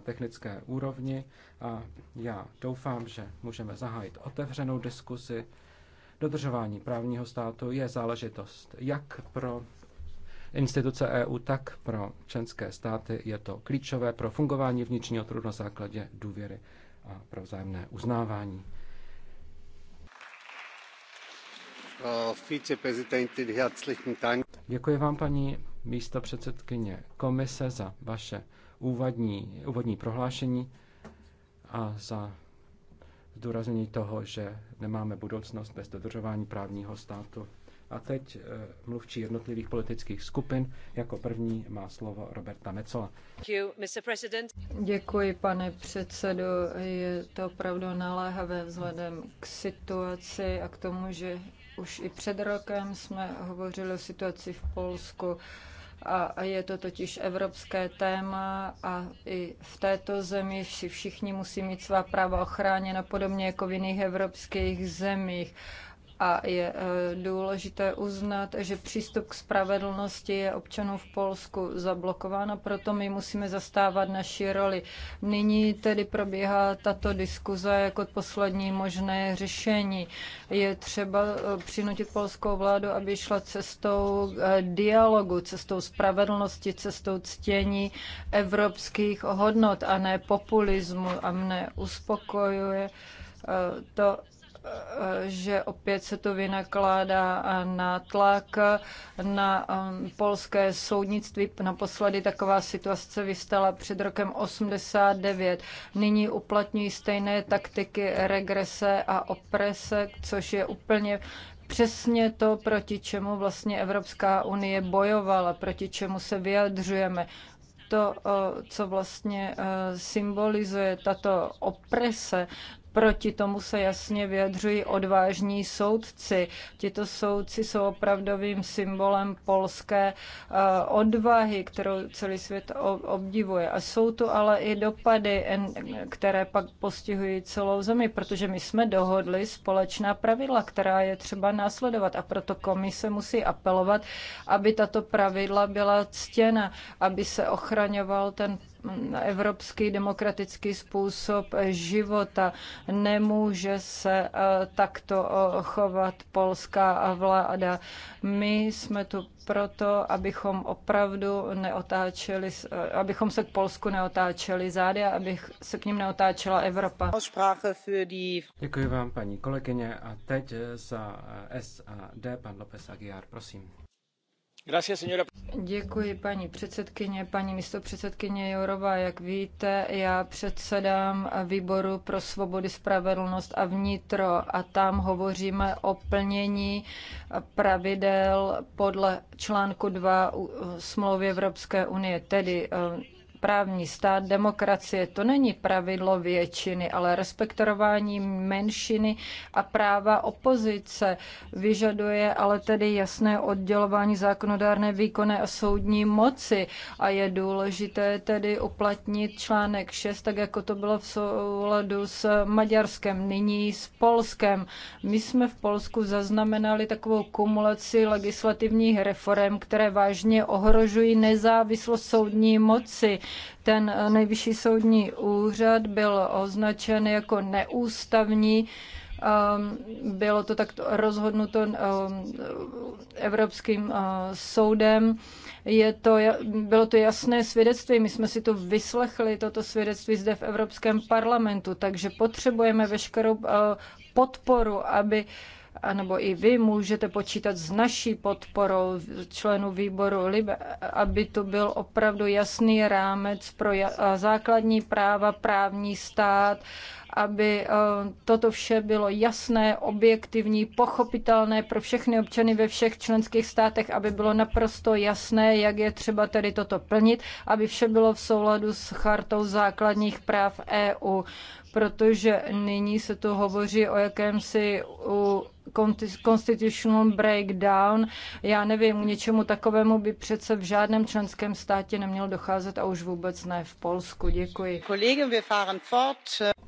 technické úrovni a já doufám, že můžeme zahájit otevřenou diskusi. Dodržování právního státu je záležitost jak pro instituce EU, tak pro členské státy. Je to klíčové pro fungování vnitřního trhu na základě důvěry a pro vzájemné uznávání. Děkuji vám, paní místo předsedkyně komise, za vaše úvodní, úvodní prohlášení a za zdůraznění toho, že nemáme budoucnost bez dodržování právního státu. A teď eh, mluvčí jednotlivých politických skupin. Jako první má slovo Roberta Mecola. Děkuji, pane předsedo. Je to opravdu naléhavé vzhledem k situaci a k tomu, že už i před rokem jsme hovořili o situaci v Polsku. A je to totiž evropské téma a i v této zemi si všichni musí mít svá práva ochráněna, podobně jako v jiných evropských zemích a je eh, důležité uznat, že přístup k spravedlnosti je občanů v Polsku zablokován a proto my musíme zastávat naši roli. Nyní tedy probíhá tato diskuze jako poslední možné řešení. Je třeba eh, přinutit polskou vládu, aby šla cestou eh, dialogu, cestou spravedlnosti, cestou ctění evropských hodnot a ne populismu a mne uspokojuje to, že opět se to vynakládá na tlak na um, polské soudnictví. Naposledy taková situace vystala před rokem 89. Nyní uplatňují stejné taktiky regrese a oprese, což je úplně přesně to, proti čemu vlastně Evropská unie bojovala, proti čemu se vyjadřujeme to, co vlastně e, symbolizuje tato oprese, Proti tomu se jasně vyjadřují odvážní soudci. Tito soudci jsou opravdovým symbolem polské eh, odvahy, kterou celý svět obdivuje. A jsou tu ale i dopady, které pak postihují celou zemi, protože my jsme dohodli společná pravidla, která je třeba následovat. A proto komise musí apelovat, aby tato pravidla byla ctěna, aby se ochraňoval ten evropský demokratický způsob života. Nemůže se eh, takto eh, chovat polská vláda. My jsme tu proto, abychom opravdu neotáčeli, eh, abychom se k Polsku neotáčeli zády a abych se k ním neotáčela Evropa. Děkuji vám, paní kolegyně. A teď za SAD pan López Aguiar, prosím. Děkuji, paní předsedkyně. Paní místopředsedkyně Jourová, jak víte, já předsedám výboru pro svobody, spravedlnost a vnitro a tam hovoříme o plnění pravidel podle článku 2 smlouvy Evropské unie, tedy eh, právní stát, demokracie. To není pravidlo většiny, ale respektování menšiny a práva opozice vyžaduje ale tedy jasné oddělování zákonodárné, výkonné a soudní moci a je důležité tedy uplatnit článek 6, tak jako to bylo v souladu s Maďarskem, nyní s Polskem. My jsme v Polsku zaznamenali takovou kumulaci legislativních reform, které vážně ohrožují nezávislost soudní moci. Ten eh, nejvyšší soudní úřad byl označen jako neústavní. Ehm, bylo to takto rozhodnuto ehm, Evropským eh, soudem. Je to, bylo to jasné svědectví, my jsme si to vyslechli, toto svědectví zde v Evropském parlamentu, takže potřebujeme veškerou eh, podporu, aby anebo i vy můžete počítat s naší podporou členů výboru LIB, aby to byl opravdu jasný rámec pro základní práva, právní stát, aby eh, toto vše bylo jasné, objektivní, pochopitelné pro všechny občany ve všech členských státech, aby bylo naprosto jasné, jak je třeba tedy toto plnit, aby vše bylo v souladu s chartou základních práv EU protože nyní se tu hovoří o jakémsi constitutional breakdown. Já nevím, k něčemu takovému by přece v žádném členském státě nemělo docházet a už vůbec ne v Polsku. Děkuji.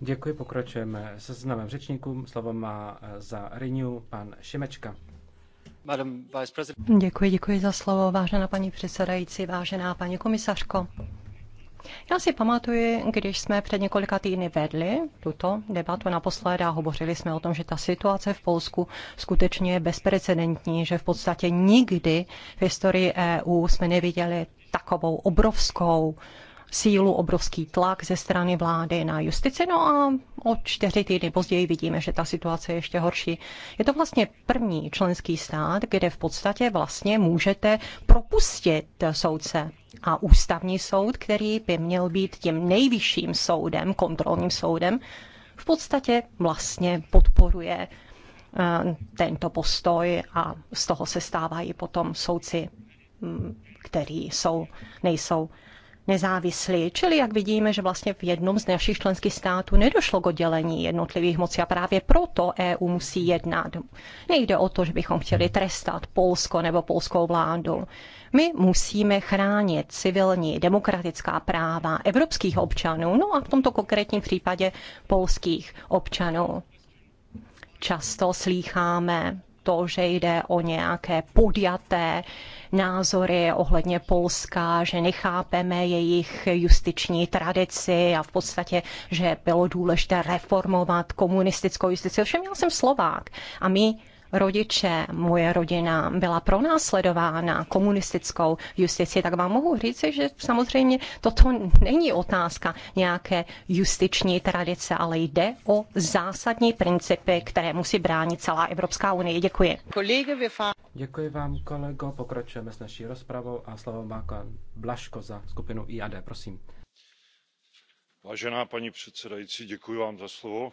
Děkuji, pokračujeme se seznamem řečníkům. Slovo má eh, za Renew pan Šimečka. Děkuji, děkuji za slovo, vážená paní předsedající, vážená paní komisařko. Já si pamatuju, když jsme před několika týdny vedli tuto debatu naposled a hovořili jsme o tom, že ta situace v Polsku skutečně je bezprecedentní, že v podstatě nikdy v historii EU jsme neviděli takovou obrovskou sílu, obrovský tlak ze strany vlády na justici. No a o čtyři týdny později vidíme, že ta situace je ještě horší. Je to vlastně první členský stát, kde v podstatě vlastně můžete propustit soudce a ústavní soud, který by měl být tím nejvyšším soudem, kontrolním soudem, v podstatě vlastně podporuje eh, tento postoj a z toho se stávají potom soudci, hm, kteří jsou, nejsou nezávislí. Čili jak vidíme, že vlastně v jednom z našich členských států nedošlo k oddělení jednotlivých mocí a právě proto EU musí jednat. Nejde o to, že bychom chtěli trestat Polsko nebo polskou vládu. My musíme chránit civilní demokratická práva evropských občanů, no a v tomto konkrétním případě polských občanů. Často slýcháme to, že jde o nějaké podjaté názory ohledně Polska, že nechápeme jejich justiční tradici a v podstatě, že bylo důležité reformovat komunistickou justici. Ovšem já jsem Slovák a my rodiče, moje rodina byla pronásledována komunistickou justici, tak vám mohu říct, že samozřejmě toto není otázka nějaké justiční tradice, ale jde o zásadní principy, které musí bránit celá Evropská unie. Děkuji. Děkuji vám, kolego. Pokračujeme s naší rozpravou a slovo má Blaško za skupinu IAD. Prosím. Vážená paní předsedající, děkuji vám za slovo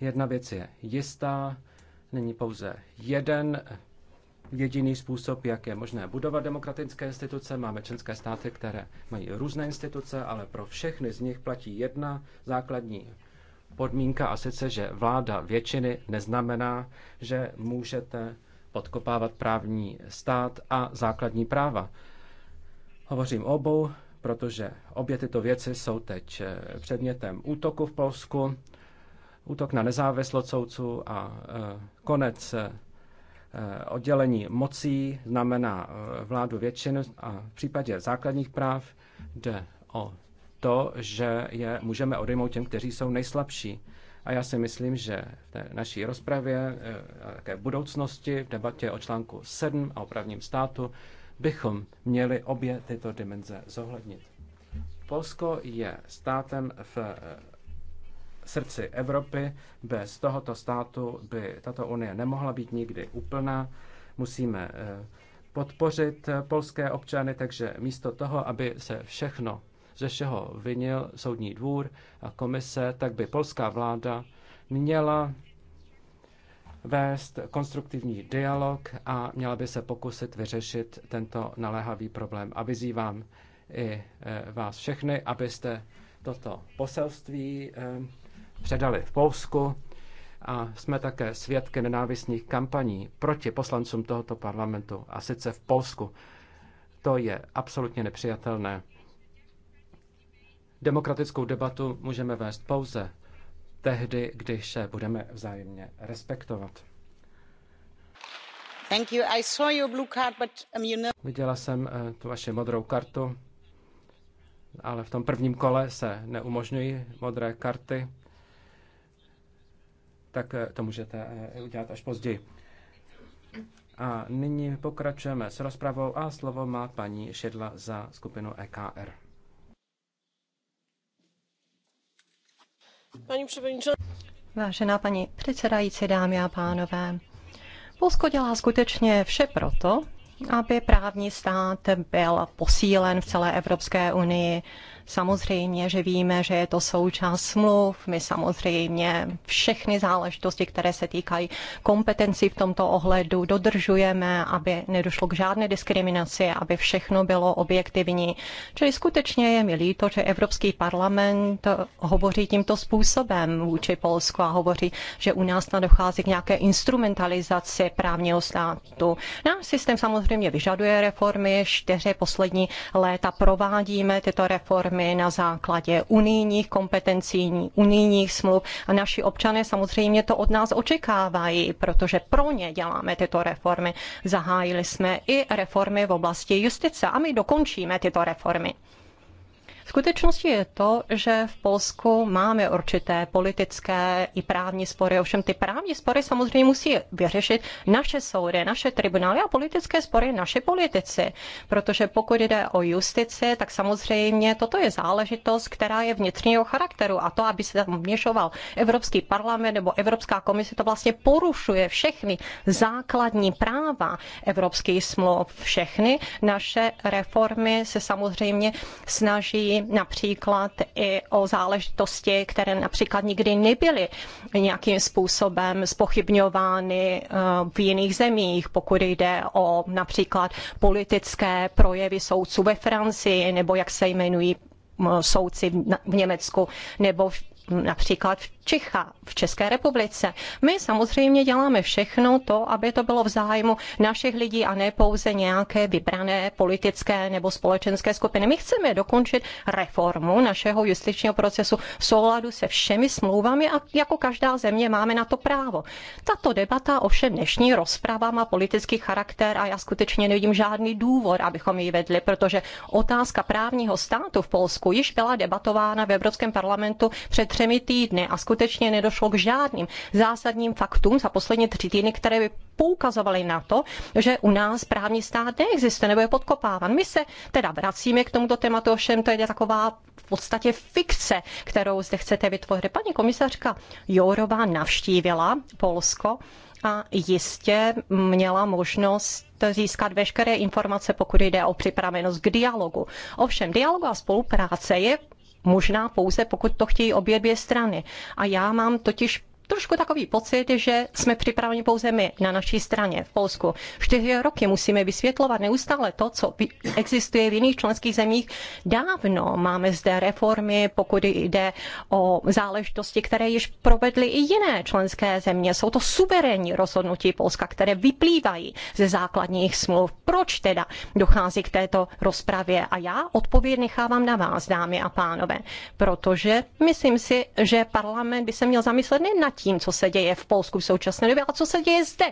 Jedna věc je jistá, není pouze jeden jediný způsob, jak je možné budovat demokratické instituce. Máme členské státy, které mají různé instituce, ale pro všechny z nich platí jedna základní podmínka a sice, že vláda většiny neznamená, že můžete podkopávat právní stát a základní práva. Hovořím obou, protože obě tyto věci jsou teď předmětem útoku v Polsku útok na nezávislost soudců a e, konec e, oddělení mocí znamená e, vládu většiny a v případě základních práv jde o to, že je můžeme odejmout těm, kteří jsou nejslabší. A já si myslím, že v té naší rozpravě, také v budoucnosti, v debatě o článku 7 a o právním státu, bychom měli obě tyto dimenze zohlednit. Polsko je státem v srdci Evropy. Bez tohoto státu by tato unie nemohla být nikdy úplná. Musíme eh, podpořit eh, polské občany, takže místo toho, aby se všechno ze všeho vinil soudní dvůr a komise, tak by polská vláda měla vést konstruktivní dialog a měla by se pokusit vyřešit tento naléhavý problém. A vyzývám i eh, vás všechny, abyste toto poselství předali v Polsku a jsme také svědky nenávistných kampaní proti poslancům tohoto parlamentu a sice v Polsku. To je absolutně nepřijatelné. Demokratickou debatu můžeme vést pouze tehdy, když se budeme vzájemně respektovat. Thank you. I saw your blue card, but, um, you know... Viděla jsem uh, tu vaši modrou kartu, ale v tom prvním kole se neumožňují modré karty tak eh, to můžete eh, udělat až později. A nyní pokračujeme s rozpravou a slovo má paní Šedla za skupinu EKR. Paní Vážená paní předsedající, dámy a pánové, Polsko dělá skutečně vše proto, aby právní stát byl posílen v celé Evropské unii. Samozřejmě, že víme, že je to součást smluv. My samozřejmě všechny záležitosti, které se týkají kompetencí v tomto ohledu, dodržujeme, aby nedošlo k žádné diskriminaci, aby všechno bylo objektivní. Čili skutečně je mi líto, že Evropský parlament hovoří tímto způsobem vůči Polsku a hovoří, že u nás dochází k nějaké instrumentalizaci právního státu. Náš systém samozřejmě vyžaduje reformy, čtyři poslední léta provádíme tyto reformy my na základě unijních kompetencí, unijních smluv a naši občané samozřejmě to od nás očekávají, protože pro ně děláme tyto reformy. Zahájili jsme i reformy v oblasti justice a my dokončíme tyto reformy skutečnosti je to, že v Polsku máme určité politické i právní spory. Ovšem ty právní spory samozřejmě musí vyřešit naše soudy, naše tribunály a politické spory naše politici. Protože pokud jde o justici, tak samozřejmě toto je záležitost, která je vnitřního charakteru. A to, aby se tam vměšoval Evropský parlament nebo Evropská komise, to vlastně porušuje všechny základní práva evropských smluv. Všechny naše reformy se samozřejmě snaží například i o záležitosti, které například nikdy nebyly nějakým způsobem spochybňovány eh, v jiných zemích, pokud jde o například politické projevy soudců ve Francii nebo jak se jmenují mm, soudci v Německu nebo například v Čecha, v České republice. My samozřejmě děláme všechno to, aby to bylo v zájmu našich lidí a ne pouze nějaké vybrané politické nebo společenské skupiny. My chceme dokončit reformu našeho justičního procesu v souladu se všemi smlouvami a jako každá země máme na to právo. Tato debata ovšem dnešní rozprava má politický charakter a já skutečně nevidím žádný důvod, abychom ji vedli, protože otázka právního státu v Polsku již byla debatována v Evropském parlamentu před třemi týdny a skutečně skutečně nedošlo k žádným zásadním faktům za poslední tři týdny, které by poukazovaly na to, že u nás právní stát neexistuje nebo je podkopávan. My se teda vracíme k tomuto tématu, ovšem to je taková v podstatě fikce, kterou zde chcete vytvořit. Paní komisařka Jourová navštívila Polsko a jistě měla možnost získat veškeré informace, pokud jde o připravenost k dialogu. Ovšem, dialog a spolupráce je možná pouze, pokud to chtějí obě dvě strany. A já mám totiž trošku takový pocit, že jsme připraveni pouze my na naší straně v Polsku. Čtyři roky musíme vysvětlovat neustále to, co existuje v jiných členských zemích. Dávno máme zde reformy, pokud jde o záležitosti, které již provedly i jiné členské země. Jsou to suverénní rozhodnutí Polska, které vyplývají ze základních smluv. Proč teda dochází k této rozpravě? A já odpověď nechávám na vás, dámy a pánové, protože myslím si, že parlament by se měl zamyslet ne nad tím, co se děje v Polsku v současné době a co se děje zde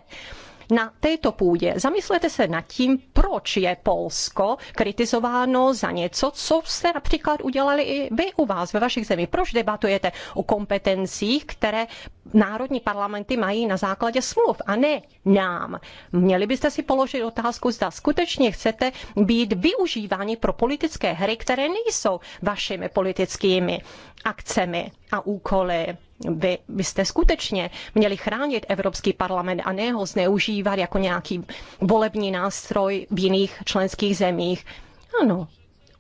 na této půdě. Zamyslete se nad tím, proč je Polsko kritizováno za něco, co jste například udělali i vy u vás ve vašich zemích. Proč debatujete o kompetencích, které národní parlamenty mají na základě smluv a ne nám? Měli byste si položit otázku, zda skutečně chcete být využíváni pro politické hry, které nejsou vašimi politickými akcemi a úkoly. Vy byste skutečně měli chránit Evropský parlament a ne ho zneužívat jako nějaký volební nástroj v jiných členských zemích. Ano,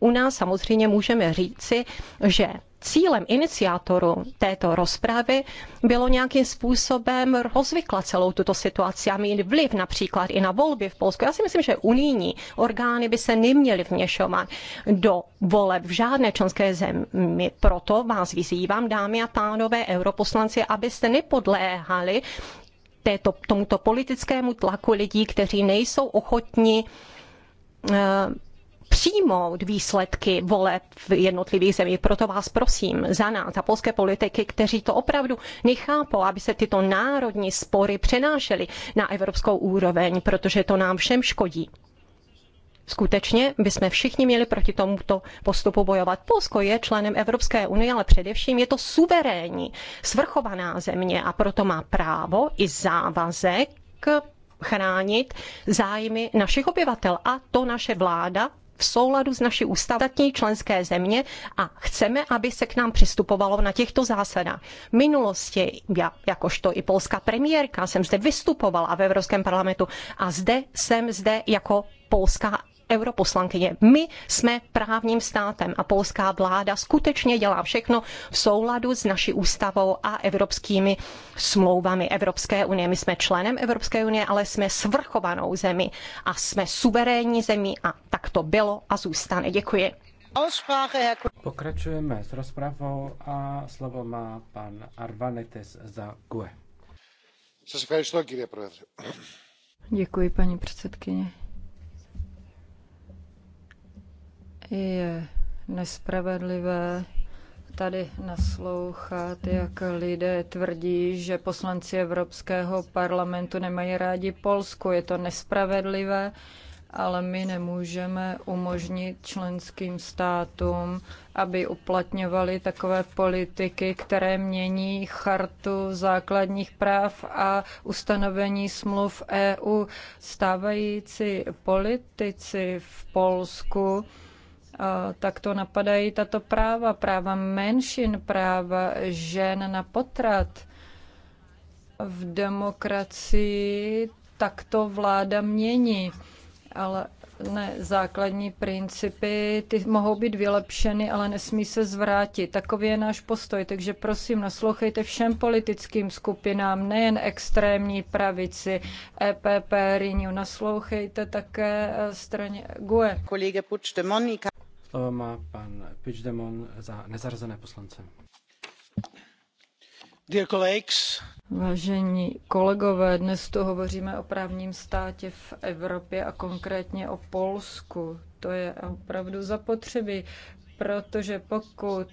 u nás samozřejmě můžeme říci, že cílem iniciátoru této rozpravy bylo nějakým způsobem rozvykla celou tuto situaci a mít vliv například i na volby v Polsku. Já si myslím, že unijní orgány by se neměly vněšovat do voleb v žádné členské zemi. Proto vás vyzývám, dámy a pánové, europoslanci, abyste nepodléhali této, tomuto politickému tlaku lidí, kteří nejsou ochotni eh, přijmout výsledky voleb v jednotlivých zemích. Proto vás prosím za nás, za polské politiky, kteří to opravdu nechápou, aby se tyto národní spory přenášely na evropskou úroveň, protože to nám všem škodí. Skutečně bychom všichni měli proti tomuto postupu bojovat. Polsko je členem Evropské unie, ale především je to suverénní, svrchovaná země a proto má právo i závazek chránit zájmy našich obyvatel. A to naše vláda v souladu s naší ústavní členské země a chceme, aby se k nám přistupovalo na těchto zásadách. V minulosti, já jakožto i polská premiérka, jsem zde vystupovala v Evropském parlamentu a zde jsem zde jako polská europoslankyně. My jsme právním státem a polská vláda skutečně dělá všechno v souladu s naší ústavou a evropskými smlouvami Evropské unie. My jsme členem Evropské unie, ale jsme svrchovanou zemí a jsme suverénní zemí a tak to bylo a zůstane. Děkuji. Pokračujeme s rozpravou a slovo má pan Arvanetes za GUE. Děkuji, paní předsedkyně. Je nespravedlivé tady naslouchat, jak lidé tvrdí, že poslanci Evropského parlamentu nemají rádi Polsku. Je to nespravedlivé, ale my nemůžeme umožnit členským státům, aby uplatňovali takové politiky, které mění chartu základních práv a ustanovení smluv EU. Stávající politici v Polsku tak to napadají tato práva, práva menšin, práva žen na potrat. V demokracii Tak to vláda mění, ale ne, základní principy, ty mohou být vylepšeny, ale nesmí se zvrátit. Takový je náš postoj, takže prosím, naslouchejte všem politickým skupinám, nejen extrémní pravici, EPP, Renew, naslouchejte také eh, straně GUE. Kolega de Monika. Slovo má pan Demon za nezařazené poslance. Dear colleagues. Vážení kolegové, dnes tu hovoříme o právním státě v Evropě a konkrétně o Polsku. To je opravdu zapotřebí, protože pokud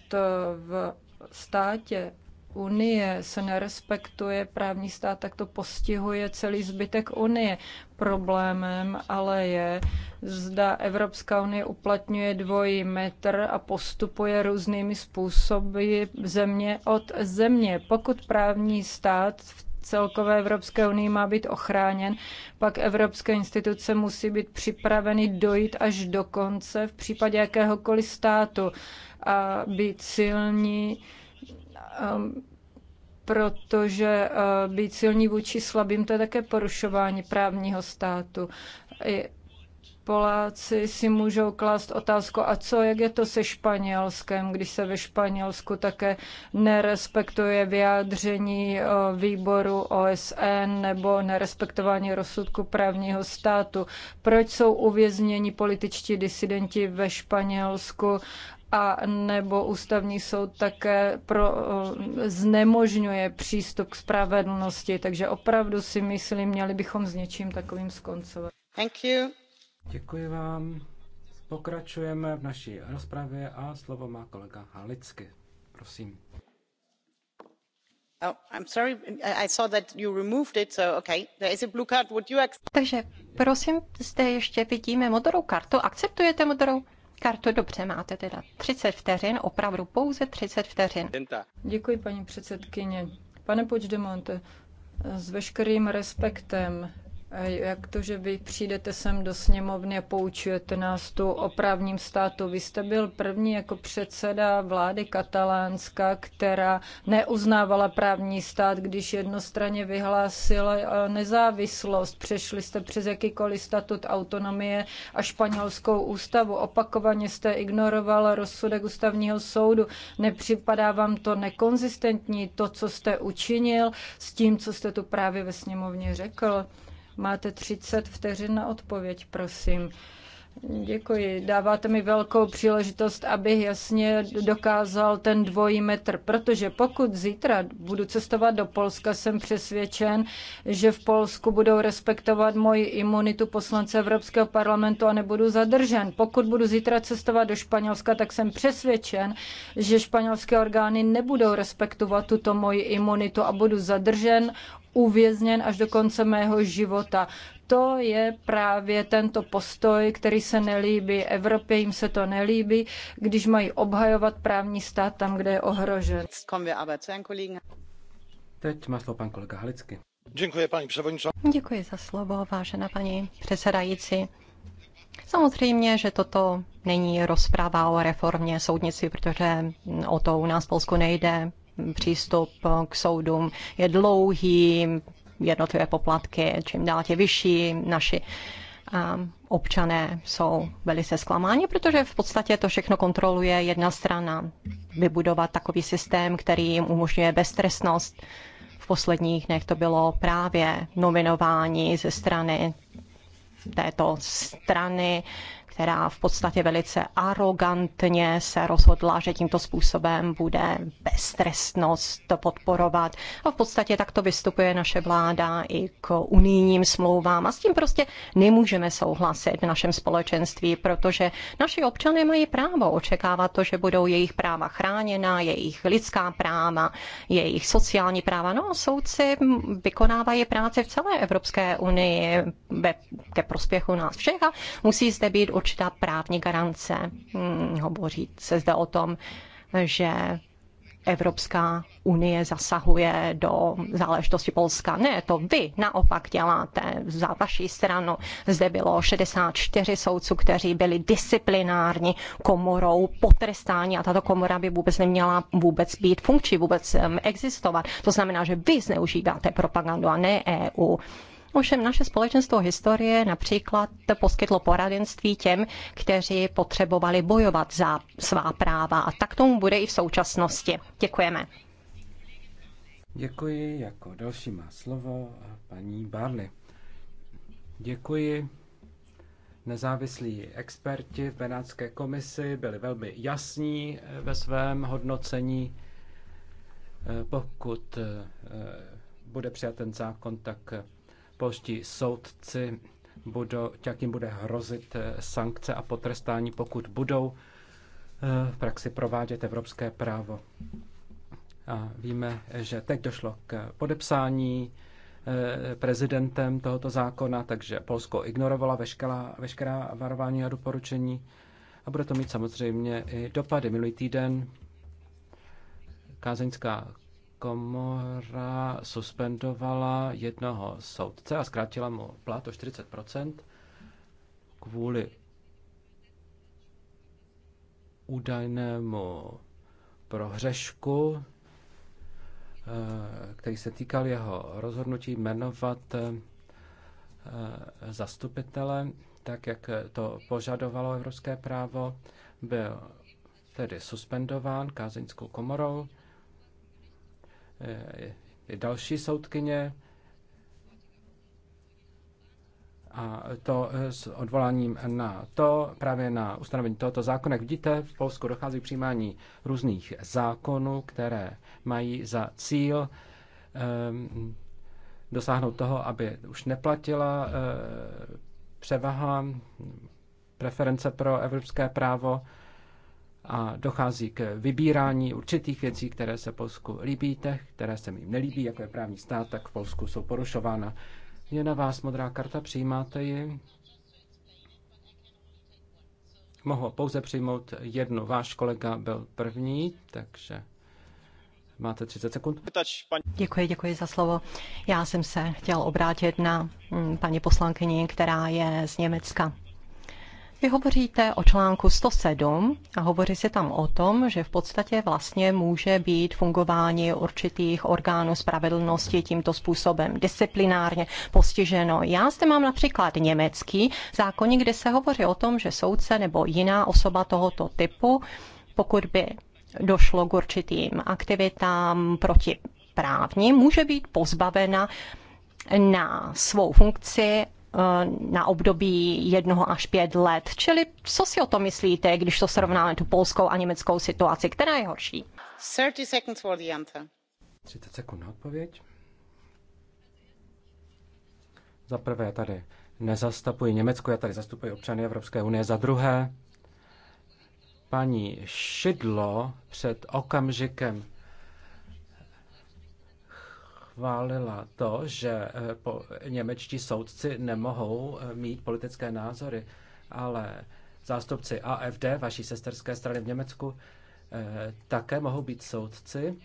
v státě unie se nerespektuje právní stát, tak to postihuje celý zbytek unie. Problémem ale je, zda Evropská unie uplatňuje dvojí metr a postupuje různými způsoby země od země. Pokud právní stát v celkové Evropské unii má být ochráněn, pak evropské instituce musí být připraveny dojít až do konce v případě jakéhokoliv státu a být silní Ehm, protože eh, být silný vůči slabým, to je také porušování právního státu. I Poláci si můžou klást otázku, a co, jak je to se Španělskem, když se ve Španělsku také nerespektuje vyjádření eh, výboru OSN nebo nerespektování rozsudku právního státu. Proč jsou uvězněni političtí disidenti ve Španělsku a nebo ústavní soud také pro, znemožňuje přístup k spravedlnosti. Takže opravdu si myslím, měli bychom s něčím takovým skoncovat. Thank you. Děkuji vám. Pokračujeme v naší rozpravě a slovo má kolega Halicky. Prosím. Oh, I'm sorry, I saw that you removed it, so okay. There is a blue card. Would you Takže prosím, zde ještě vidíme modrou kartu. Akceptujete modrou? kartu. Dobře, máte teda 30 vteřin, opravdu pouze 30 vteřin. Děkuji, paní předsedkyně. Pane Počdemonte, s veškerým respektem jak to, že vy přijdete sem do sněmovny a poučujete nás tu o právním státu? Vy jste byl první jako předseda vlády katalánska, která neuznávala právní stát, když jednostranně vyhlásila e, nezávislost. Přešli jste přes jakýkoliv statut autonomie a španělskou ústavu. Opakovaně jste ignoroval rozsudek ústavního soudu. Nepřipadá vám to nekonzistentní, to, co jste učinil s tím, co jste tu právě ve sněmovně řekl? Máte 30 vteřin na odpověď, prosím. Děkuji. Dáváte mi velkou příležitost, abych jasně dokázal ten dvojí metr, protože pokud zítra budu cestovat do Polska, jsem přesvědčen, že v Polsku budou respektovat moji imunitu poslance Evropského parlamentu a nebudu zadržen. Pokud budu zítra cestovat do Španělska, tak jsem přesvědčen, že španělské orgány nebudou respektovat tuto moji imunitu a budu zadržen, uvězněn až do konce mého života. To je právě tento postoj, který se nelíbí Evropě, jim se to nelíbí, když mají obhajovat právní stát tam, kde je ohrožen. Teď má slovo pan kolega Halicky. Děkuji, paní předsedající. Děkuji za slovo, vážená paní předsedající. Samozřejmě, že toto není rozpráva o reformě soudnictví, protože o to u nás v Polsku nejde přístup k soudům je dlouhý, jednotlivé poplatky čím dál tě vyšší, naši občané jsou velice zklamáni, protože v podstatě to všechno kontroluje jedna strana. Vybudovat takový systém, který jim umožňuje beztresnost. V posledních dnech to bylo právě nominování ze strany této strany která v podstatě velice arrogantně se rozhodla, že tímto způsobem bude beztrestnost podporovat. A v podstatě takto vystupuje naše vláda i k unijním smlouvám. A s tím prostě nemůžeme souhlasit v našem společenství, protože naši občané mají právo očekávat to, že budou jejich práva chráněna, jejich lidská práva, jejich sociální práva. No a soudci vykonávají práci v celé Evropské unii ve, ke prospěchu nás všech a musí zde být určitá právní garance. Hmm, hovoří se zde o tom, že Evropská unie zasahuje do záležitosti Polska. Ne, to vy naopak děláte za vaší stranu. Zde bylo 64 soudců, kteří byli disciplinární komorou potrestáni a tato komora by vůbec neměla vůbec být funkční, vůbec um, existovat. To znamená, že vy zneužíváte propagandu a ne EU. Ovšem naše společenstvo historie například poskytlo poradenství těm, kteří potřebovali bojovat za svá práva. A tak tomu bude i v současnosti. Děkujeme. Děkuji. Jako další má slovo paní Barley. Děkuji. Nezávislí experti v Benátské komisi byli velmi jasní eh, ve svém hodnocení. Eh, pokud eh, bude přijat ten zákon, tak polští soudci, budou, jak jim bude hrozit eh, sankce a potrestání, pokud budou eh, v praxi provádět evropské právo. A víme, že teď došlo k podepsání eh, prezidentem tohoto zákona, takže Polsko ignorovala veškerá, veškerá varování a doporučení a bude to mít samozřejmě i dopady. Minulý týden Kázeňská komora suspendovala jednoho soudce a zkrátila mu plat o 40 kvůli údajnému prohřešku, eh, který se týkal jeho rozhodnutí jmenovat eh, zastupitele, tak jak to požadovalo evropské právo, byl tedy suspendován kázeňskou komorou je eh, další soudkyně a to eh, s odvoláním na to, právě na ustanovení tohoto zákona. Jak vidíte, v Polsku dochází k přijímání různých zákonů, které mají za cíl um, dosáhnout toho, aby už neplatila uh, převaha preference pro evropské právo a dochází k vybírání určitých věcí, které se Polsku líbí, těch, které se jim nelíbí, jako je právní stát, tak v Polsku jsou porušována. Je na vás modrá karta, přijímáte ji? Mohu pouze přijmout jednu. Váš kolega byl první, takže Máte 30 sekund. Děkuji, děkuji za slovo. Já jsem se chtěl obrátit na mm, paní poslankyni, která je z Německa. Vy hovoříte o článku 107 a hovoří se tam o tom, že v podstatě vlastně může být fungování určitých orgánů spravedlnosti tímto způsobem disciplinárně postiženo. Já zde mám například německý zákonník, kde se hovoří o tom, že soudce nebo jiná osoba tohoto typu, pokud by došlo k určitým aktivitám proti právní, může být pozbavena na svou funkci Eh, na období jednoho až pět let. Čili co si o to myslíte, když to srovnáme tu polskou a německou situaci, která je horší? 30 sekund for the answer. 30 sekund na odpověď. Za prvé tady nezastupuji Německo, já tady zastupuji občany Evropské unie. Za druhé, paní Šidlo před okamžikem chválila to, že eh, po, němečtí soudci nemohou eh, mít politické názory, ale zástupci AFD, vaší sesterské strany v Německu, eh, také mohou být soudci,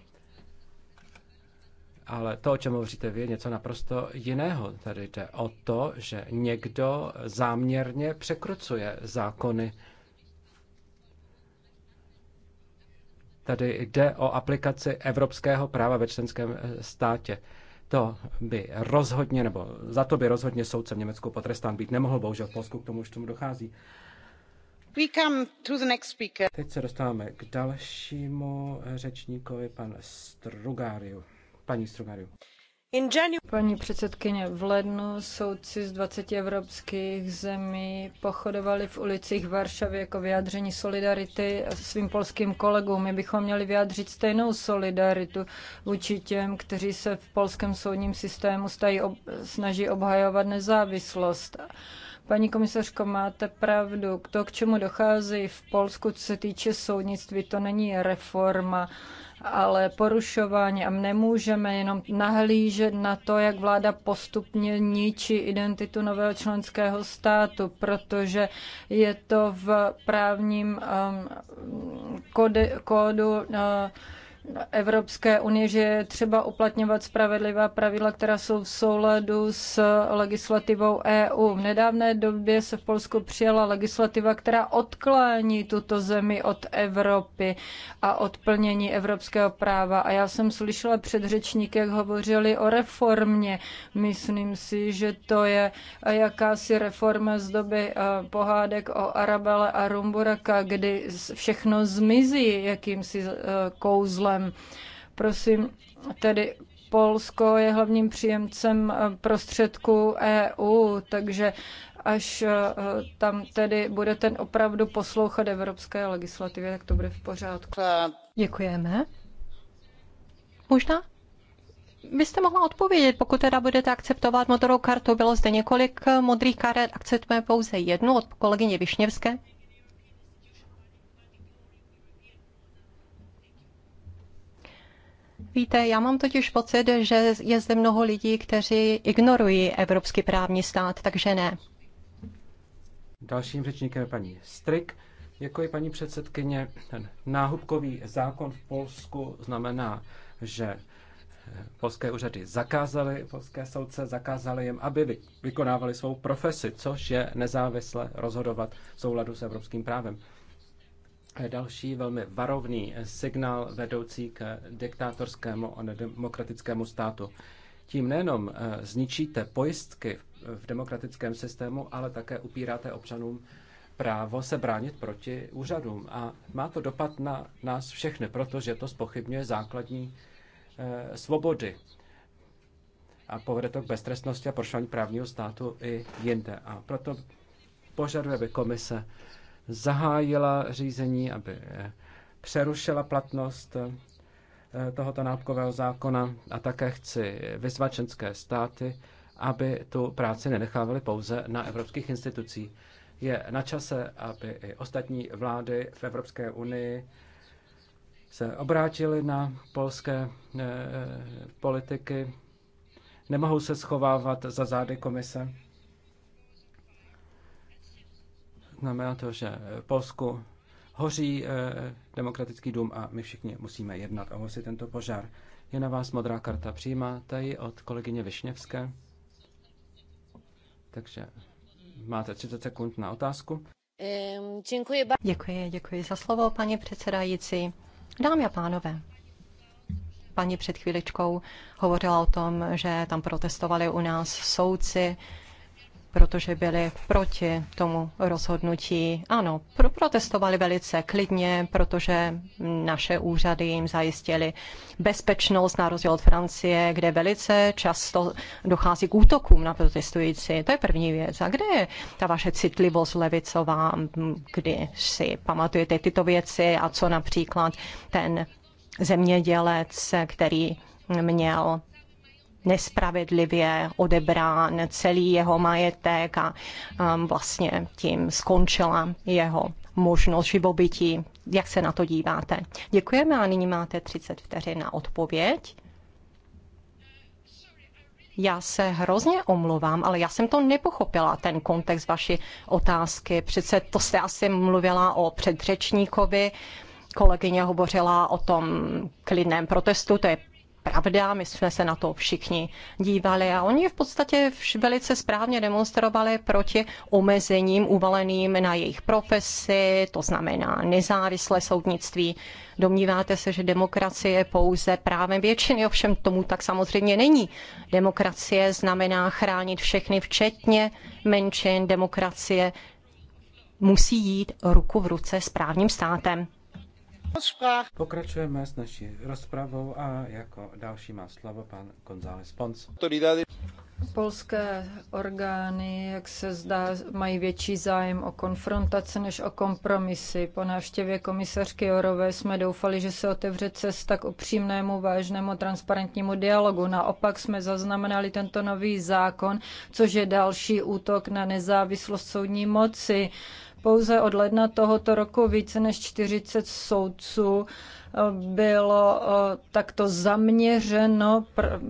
ale to, o čem hovoříte vy, je něco naprosto jiného. Tady jde o to, že někdo záměrně překrocuje zákony Tady jde o aplikaci evropského práva ve členském eh, státě. To by rozhodně, nebo za to by rozhodně soudce v Německu potrestán být nemohl, bohužel v Polsku k tomu už tomu dochází. We come to the next speaker. Teď se dostáváme k dalšímu eh, řečníkovi, pan Strugáriu. Paní Strugáriu. Paní předsedkyně, v lednu soudci z 20 evropských zemí pochodovali v ulicích Varšavy jako vyjádření solidarity svým polským kolegům. My bychom měli vyjádřit stejnou solidaritu vůči těm, kteří se v polském soudním systému stají, ob, snaží obhajovat nezávislost. Paní komisařko, máte pravdu. To, k čemu dochází v Polsku, co se týče soudnictví, to není reforma ale porušování a nemůžeme jenom nahlížet na to, jak vláda postupně ničí identitu nového členského státu, protože je to v právním um, kode, kódu uh, Evropské unie, že je třeba uplatňovat spravedlivá pravidla, která jsou v souladu s legislativou EU. V nedávné době se v Polsku přijala legislativa, která odklání tuto zemi od Evropy a od plnění evropského práva. A já jsem slyšela předřečníky, jak hovořili o reformě. Myslím si, že to je jakási reforma z doby eh, pohádek o Arabele a Rumburaka, kdy všechno zmizí jakýmsi eh, kouzlem problém. Prosím, tedy Polsko je hlavním příjemcem eh, prostředků EU, takže až eh, tam tedy bude ten opravdu poslouchat evropské legislativě, tak to bude v pořádku. Děkujeme. Možná byste mohla odpovědět, pokud teda budete akceptovat modrou kartu. Bylo zde několik modrých karet, akceptujeme pouze jednu od kolegyně Višněvské. Víte, já mám totiž pocit, že je zde mnoho lidí, kteří ignorují evropský právní stát, takže ne. Dalším řečníkem je paní Strik. Děkuji, paní předsedkyně. Ten náhubkový zákon v Polsku znamená, že eh, polské úřady zakázaly, polské soudce zakázaly jim, aby vykonávali svou profesi, což je nezávisle rozhodovat v souladu s evropským právem další velmi varovný signál vedoucí k diktátorskému a nedemokratickému státu. Tím nejenom eh, zničíte pojistky v demokratickém systému, ale také upíráte občanům právo se bránit proti úřadům. A má to dopad na nás všechny, protože to spochybňuje základní eh, svobody a povede to k beztrestnosti a porušování právního státu i jinde. A proto požaduje, aby komise zahájila řízení, aby přerušila platnost eh, tohoto nápkového zákona a také chci vyzvat členské státy, aby tu práci nenechávali pouze na evropských institucích. Je na čase, aby i ostatní vlády v Evropské unii se obrátili na polské eh, politiky, nemohou se schovávat za zády komise. Znamená to, že v Polsku hoří eh, demokratický dům a my všichni musíme jednat a hosit tento požár. Je na vás modrá karta. Přijímáte ji od kolegyně Višněvské. Takže máte 30 sekund na otázku. Děkuji. Děkuji, děkuji za slovo, paní předsedající. Dámy a pánové, paní před chvíličkou hovořila o tom, že tam protestovali u nás soudci protože byli proti tomu rozhodnutí. Ano, pro- protestovali velice klidně, protože naše úřady jim zajistili bezpečnost na rozdíl od Francie, kde velice často dochází k útokům na protestující. To je první věc. A kde je ta vaše citlivost levicová, kdy si pamatujete tyto věci a co například ten zemědělec, který měl nespravedlivě odebrán celý jeho majetek a um, vlastně tím skončila jeho možnost živobytí. Jak se na to díváte? Děkujeme a nyní máte 30 vteřin na odpověď. Já se hrozně omluvám, ale já jsem to nepochopila, ten kontext vaší otázky. Přece to jste asi mluvila o předřečníkovi, kolegyně hovořila o tom klidném protestu, to je pravda, my jsme se na to všichni dívali a oni v podstatě velice správně demonstrovali proti omezením uvaleným na jejich profesi, to znamená nezávislé soudnictví. Domníváte se, že demokracie je pouze právem většiny, ovšem tomu tak samozřejmě není. Demokracie znamená chránit všechny, včetně menšin. Demokracie musí jít ruku v ruce s právním státem. Pokračujeme s naší rozpravou a jako další má slovo pan González Pons. Polské orgány, jak se zdá, mají větší zájem o konfrontace než o kompromisy. Po návštěvě komisařky Jorové jsme doufali, že se otevře cesta k upřímnému, vážnému, transparentnímu dialogu. Naopak jsme zaznamenali tento nový zákon, což je další útok na nezávislost soudní moci pouze od ledna tohoto roku více než 40 soudců bylo eh, takto zaměřeno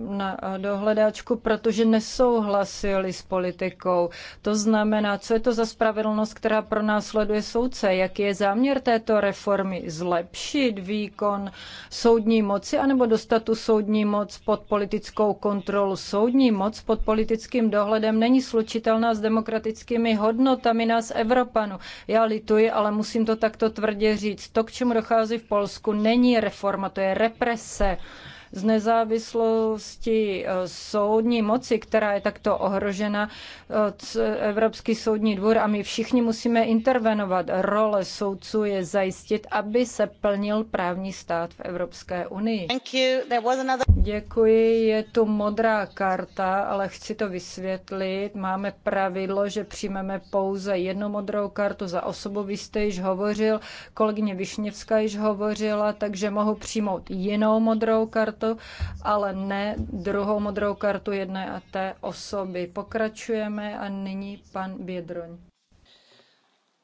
na dohledáčku, protože nesouhlasili s politikou. To znamená, co je to za spravedlnost, která pro nás sleduje soudce? Jaký je záměr této reformy? Zlepšit výkon soudní moci anebo dostat tu soudní moc pod politickou kontrolu? Soudní moc pod politickým dohledem není slučitelná s demokratickými hodnotami nás Evropanů. Já lituji, ale musím to takto tvrdě říct. To, k čemu dochází v Polsku, není reforma, to je represe z nezávislosti eh, soudní moci, která je takto ohrožena, eh, Evropský soudní dvůr a my všichni musíme intervenovat. Role soudců je zajistit, aby se plnil právní stát v Evropské unii. Děkuji, je tu modrá karta, ale chci to vysvětlit. Máme pravidlo, že přijmeme pouze jednu modrou kartu za osobu. Vy jste již hovořil, kolegyně Višněvská již hovořila, takže mohu přijmout jinou modrou kartu kartu, ale ne druhou modrou kartu jedné a té osoby. Pokračujeme a nyní pan Bědroň.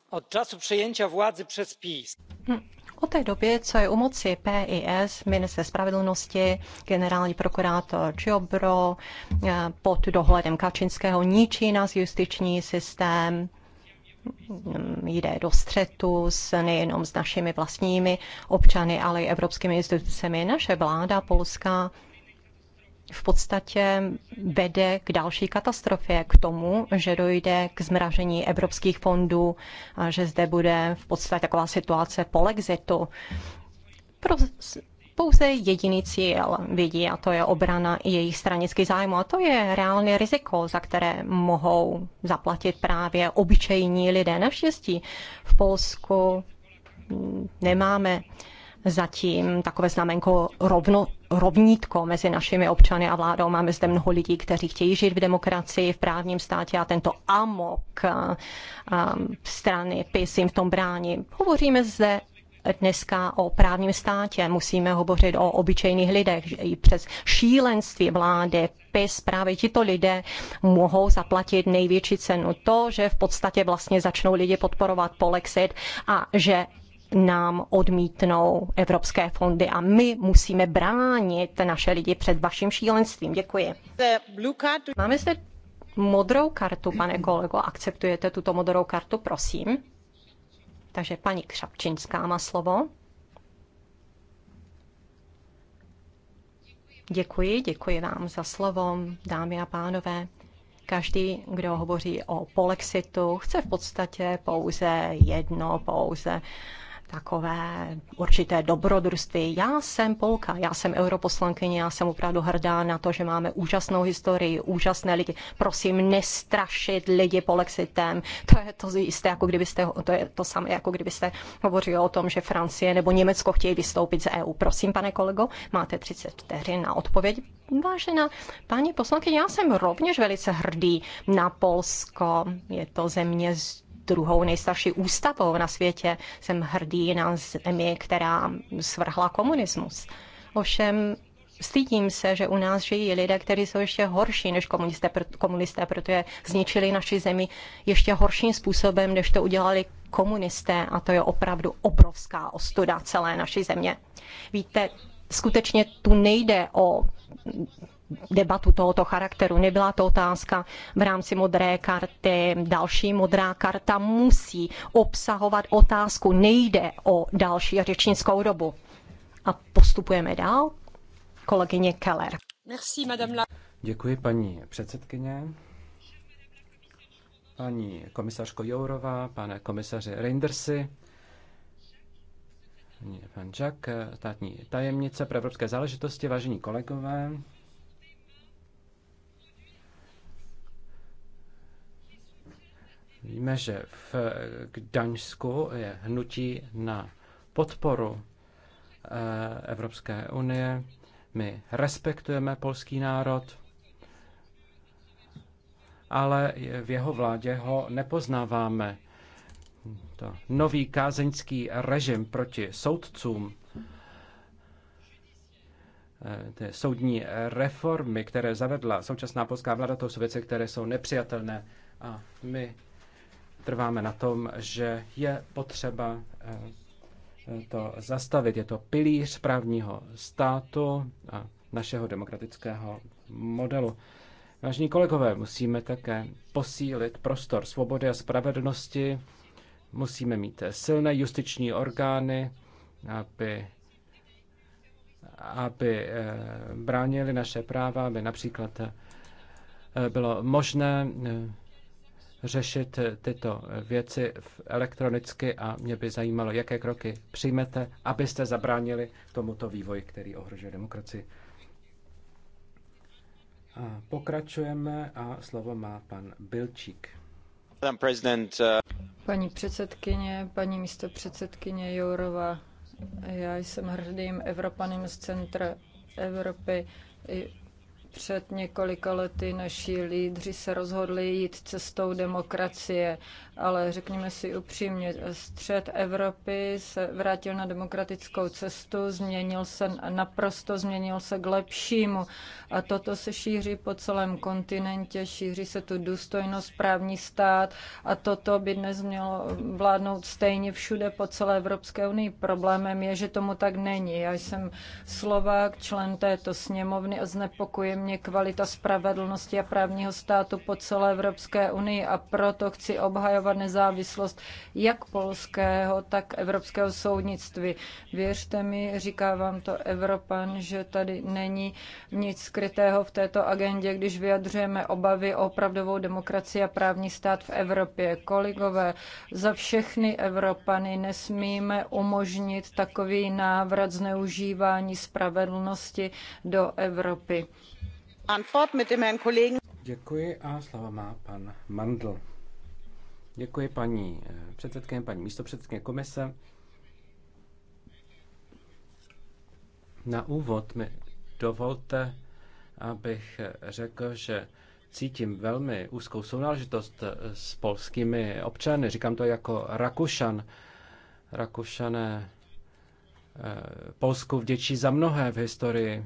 Od času přijetí vlády přes PiS. Hm. Od té doby, co je u moci PIS, minister spravedlnosti, generální prokurátor Giobro, eh, pod dohledem Kačinského ničí nás justiční systém, jde do střetu s nejenom s našimi vlastními občany, ale i evropskými institucemi. Naše vláda polská v podstatě vede k další katastrofě, k tomu, že dojde k zmražení evropských fondů, a že zde bude v podstatě taková situace po Lexitu. Pro pouze jediný cíl vidí a to je obrana jejich stranických zájmů. A to je reálné riziko, za které mohou zaplatit právě obyčejní lidé. Naštěstí v Polsku nemáme zatím takové znamenko rovno, rovnítko mezi našimi občany a vládou. Máme zde mnoho lidí, kteří chtějí žít v demokracii, v právním státě a tento amok a, eh, a, eh, strany PIS jim v tom brání. Hovoříme zde dneska o právním státě, musíme hovořit o obyčejných lidech, že i přes šílenství vlády, PIS, právě tito lidé mohou zaplatit největší cenu. To, že v podstatě vlastně začnou lidi podporovat Polexit a že nám odmítnou evropské fondy a my musíme bránit naše lidi před vaším šílenstvím. Děkuji. Máme zde modrou kartu, pane kolego. Akceptujete tuto modrou kartu, prosím? Takže paní Křapčinská má slovo. Děkuji, děkuji vám za slovo, dámy a pánové. Každý, kdo hovoří o polexitu, chce v podstatě pouze jedno, pouze uh, takové určité dobrodružství. Já jsem Polka, já jsem europoslankyně, já jsem opravdu hrdá na to, že máme úžasnou historii, úžasné lidi. Prosím, nestrašit lidi polexitem. To je to jisté, jako kdybyste, to je to samé, jako kdybyste hovořili o tom, že Francie nebo Německo chtějí vystoupit z EU. Prosím, pane kolego, máte 30 vteřin na odpověď. Vážená paní poslankyně, já jsem rovněž velice hrdý na Polsko. Je to země s druhou nejstarší ústavou na světě. Jsem hrdý na zemi, která svrhla komunismus. Ovšem Stydím se, že u nás žijí lidé, kteří jsou ještě horší než komunisté, komunisté, protože zničili naši zemi ještě horším způsobem, než to udělali komunisté a to je opravdu obrovská ostuda celé naší země. Víte, skutečně tu nejde o debatu tohoto charakteru. Nebyla to otázka v rámci modré karty. Další modrá karta musí obsahovat otázku. Nejde o další řečnickou dobu. A postupujeme dál. Kolegyně Keller. Merci, madame la... Děkuji, paní předsedkyně. Paní komisařko Jourová, pane komisaři Reindersy, pan Jack, státní tajemnice pro evropské záležitosti, vážení kolegové, Víme, že v Gdaňsku je hnutí na podporu eh, Evropské unie. My respektujeme polský národ, ale v jeho vládě ho nepoznáváme. To nový kázeňský režim proti soudcům, eh, ty soudní reformy, které zavedla současná polská vláda, to jsou věci, které jsou nepřijatelné. A my trváme na tom, že je potřeba eh, to zastavit. Je to pilíř právního státu a našeho demokratického modelu. Vážení kolegové, musíme také posílit prostor svobody a spravedlnosti. Musíme mít silné justiční orgány, aby, aby eh, bránili naše práva, aby například eh, bylo možné řešit tyto věci elektronicky a mě by zajímalo, jaké kroky přijmete, abyste zabránili tomuto vývoji, který ohrožuje demokracii. A pokračujeme a slovo má pan Bilčík. Uh, paní předsedkyně, paní místopředsedkyně Jourova, já jsem hrdým Evropanem z centra Evropy. Před několika lety naši lídři se rozhodli jít cestou demokracie ale řekněme si upřímně, střed Evropy se vrátil na demokratickou cestu, změnil se naprosto, změnil se k lepšímu. A toto se šíří po celém kontinentě, šíří se tu důstojnost, právní stát a toto by dnes mělo vládnout stejně všude po celé Evropské unii. Problémem je, že tomu tak není. Já jsem Slovák, člen této sněmovny a znepokuje mě kvalita spravedlnosti a právního státu po celé Evropské unii a proto chci obhajovat garantovat nezávislost jak polského, tak evropského soudnictví. Věřte mi, říká vám to Evropan, že tady není nic skrytého v této agendě, když vyjadřujeme obavy o opravdovou demokracii a právní stát v Evropě. Kolegové, za všechny Evropany nesmíme umožnit takový návrat zneužívání spravedlnosti do Evropy. Děkuji a slovo má pan Mandl. Děkuji paní eh, předsedkyně, paní místopředsedkyně komise. Na úvod mi dovolte, abych řekl, že cítím velmi úzkou sounáležitost eh, s polskými občany. Říkám to jako Rakušan. Rakušané eh, Polsku vděčí za mnohé v historii.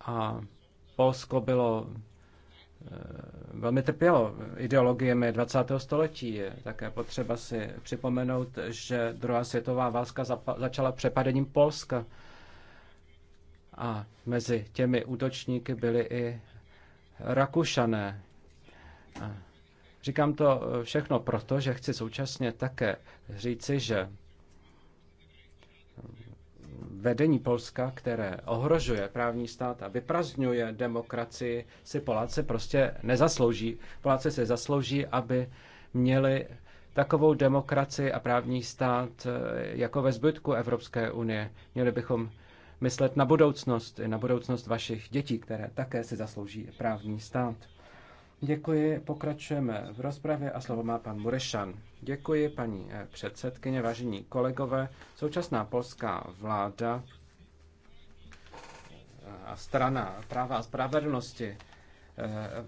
A Polsko bylo Eh, velmi trpělo ideologiemi 20. století. Je také potřeba si připomenout, že druhá světová válka začala přepadením Polska. A mezi těmi útočníky byli i Rakušané. Říkám to eh, všechno proto, že chci současně také říci, že vedení Polska, které ohrožuje právní stát a vyprazňuje demokracii, si Poláci prostě nezaslouží. Poláci se zaslouží, aby měli takovou demokracii a právní stát eh, jako ve zbytku Evropské unie. Měli bychom myslet na budoucnost, i na budoucnost vašich dětí, které také si zaslouží právní stát. Děkuji, pokračujeme v rozpravě a slovo má pan Murešan. Děkuji, paní eh, předsedkyně, vážení kolegové. Současná polská vláda eh, a strana práva a spravedlnosti eh,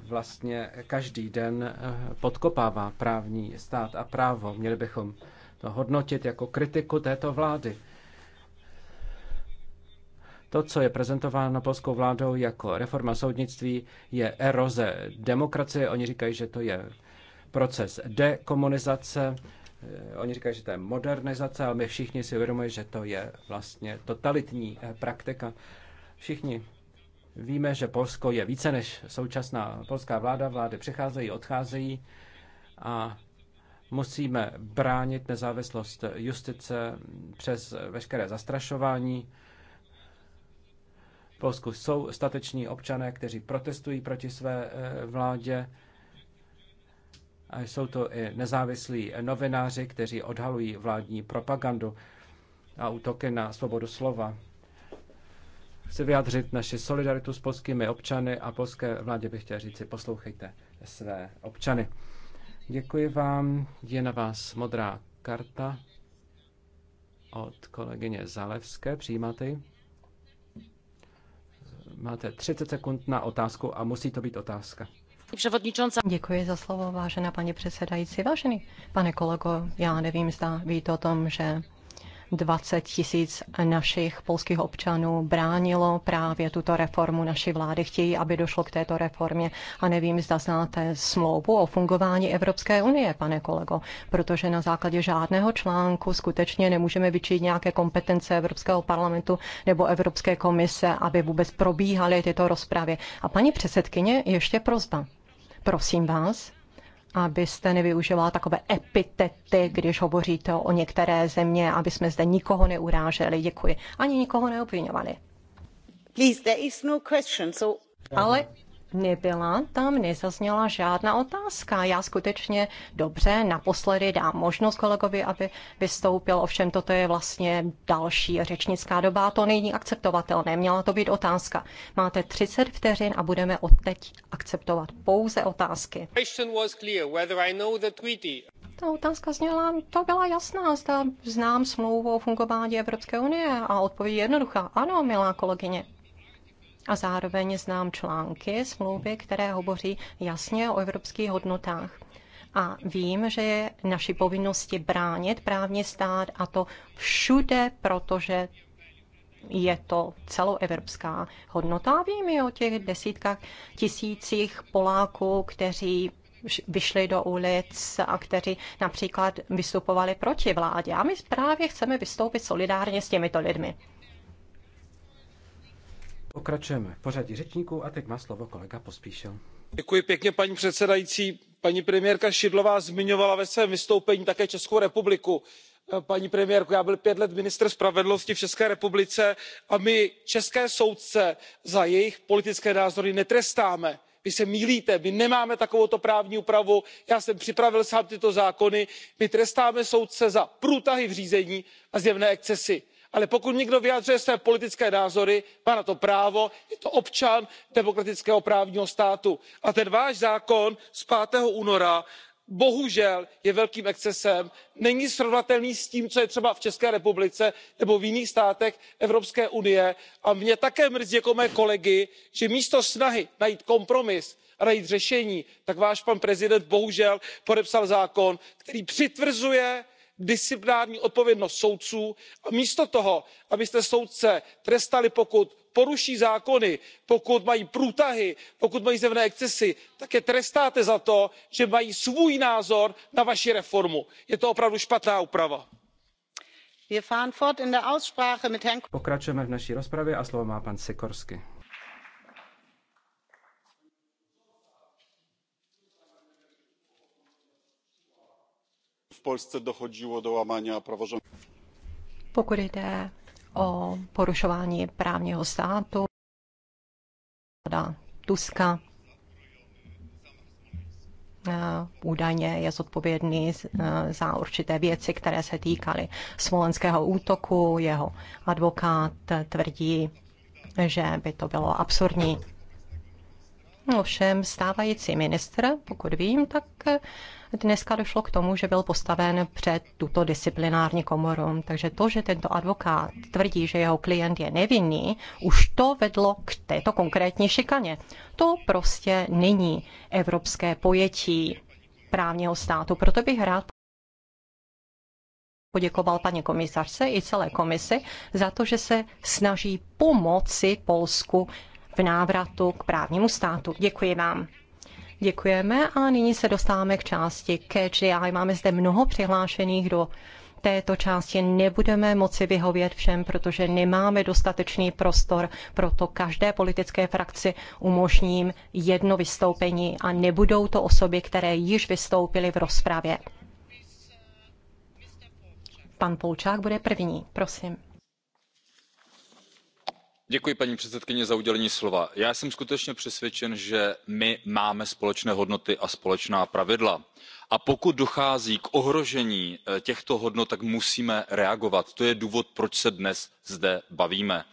vlastně každý den podkopává právní stát a právo. Měli bychom to hodnotit jako kritiku této vlády. To, co je prezentováno polskou vládou jako reforma soudnictví, je eroze demokracie. Oni říkají, že to je proces dekomunizace. Eh, oni říkají, že to je modernizace, ale my všichni si uvědomujeme, že to je vlastně totalitní eh, praktika. Všichni víme, že Polsko je více než současná polská vláda. Vlády přicházejí, odcházejí a musíme bránit nezávislost justice přes veškeré zastrašování. Polsku jsou stateční občané, kteří protestují proti své eh, vládě. A jsou to i nezávislí novináři, kteří odhalují vládní propagandu a útoky na svobodu slova. Chci vyjádřit naši solidaritu s polskými občany a polské vládě bych chtěl si, poslouchejte své občany. Děkuji vám, je na vás modrá karta od kolegyně Zalevské, přijímáte ji? Máte 30 sekund na otázku a musí to být otázka. Děkuji za slovo, vážená paní předsedající. Vážený pane kolego, já nevím, zda víte o tom, že 20 tisíc našich polských občanů bránilo právě tuto reformu. Naši vlády chtějí, aby došlo k této reformě. A nevím, zda znáte smlouvu o fungování Evropské unie, pane kolego, protože na základě žádného článku skutečně nemůžeme vyčít nějaké kompetence Evropského parlamentu nebo Evropské komise, aby vůbec probíhaly tyto rozpravy. A paní předsedkyně, ještě prozba. Prosím vás, abyste nevyužívala takové epitety, když hovoříte o některé země, aby jsme zde nikoho neuráželi. Děkuji. Ani nikoho neobvinovali. Please, there is no question, so... Ale nebyla tam, nezazněla žádná otázka. Já skutečně dobře naposledy dám možnost kolegovi, aby vystoupil. Ovšem toto je vlastně další řečnická doba. To není akceptovatelné. Měla to být otázka. Máte 30 vteřin a budeme od teď akceptovat pouze otázky. Ta otázka zněla, to byla jasná, zda znám smlouvu o fungování Evropské unie a odpověď je jednoduchá. Ano, milá kolegyně a zároveň znám články smlouvy, které hovoří jasně o evropských hodnotách. A vím, že je naší povinnosti bránit právní stát a to všude, protože je to celoevropská hodnota. Vím i o těch desítkách tisících Poláků, kteří vyšli do ulic a kteří například vystupovali proti vládě. A my právě chceme vystoupit solidárně s těmito lidmi. Pokračujeme v pořadí řečníků a teď má slovo kolega Pospíšil. Děkuji pěkně, paní předsedající. Paní premiérka Šidlová zmiňovala ve svém vystoupení také Českou republiku paní premiérko já byl pět let ministr spravedlnosti v české republice a my české soudce za jejich politické názory netrestáme. vy se mýlíte my nemáme takovouto právní úpravu já jsem připravil sám tyto zákony my trestáme soudce za průtahy v řízení a zjevné excesy ale pokud někdo vyjadřuje své politické názory má na to právo je to občan demokratického právního státu a ten váš zákon z. five února bohužel je velkým excesem není srovnatelný s tím co je třeba v české republice nebo v jiných státech evropské unie a mě také mrzí jako mé kolegy že místo snahy najít kompromis a najít řešení tak váš pan prezident bohužel podepsal zákon který přitvrzuje disciplinární odpovědnost soudců a místo toho abyste soudce trestali pokud poruší zákony pokud mají průtahy pokud mají zjevné excesy tak je trestáte za to že mají svůj názor na vaši reformu. je to opravdu špatná úprava. pokračujeme v naší rozpravě a slovo má pan siekierský. Polsce dochodzilo do łamania praworządności. Pokud jde o porušování právního státu, Tuska eh, údajně je zodpovědný eh, za určité věci, které se týkaly smolenského útoku. Jeho advokát tvrdí, že by to bylo absurdní. No ovšem stávající ministr, pokud vím, tak dneska došlo k tomu, že byl postaven před tuto disciplinární komoru. Takže to, že tento advokát tvrdí, že jeho klient je nevinný, už to vedlo k této konkrétní šikaně. To prostě není evropské pojetí právního státu. Proto bych rád poděkoval paní komisařce i celé komisi za to, že se snaží pomoci Polsku v návratu k právnímu státu. Děkuji vám. Děkujeme a nyní se dostáváme k části Catch the Máme zde mnoho přihlášených do této části nebudeme moci vyhovět všem, protože nemáme dostatečný prostor, proto každé politické frakci umožním jedno vystoupení a nebudou to osoby, které již vystoupily v rozpravě. Pan Polčák bude první, prosím paní předsedající já jsem skutečně přesvědčen že my máme společné hodnoty a společná pravidla a pokud dochází k ohrožení eh, těchto hodnot tak musíme reagovat. to je důvod proč se dnes zde bavíme.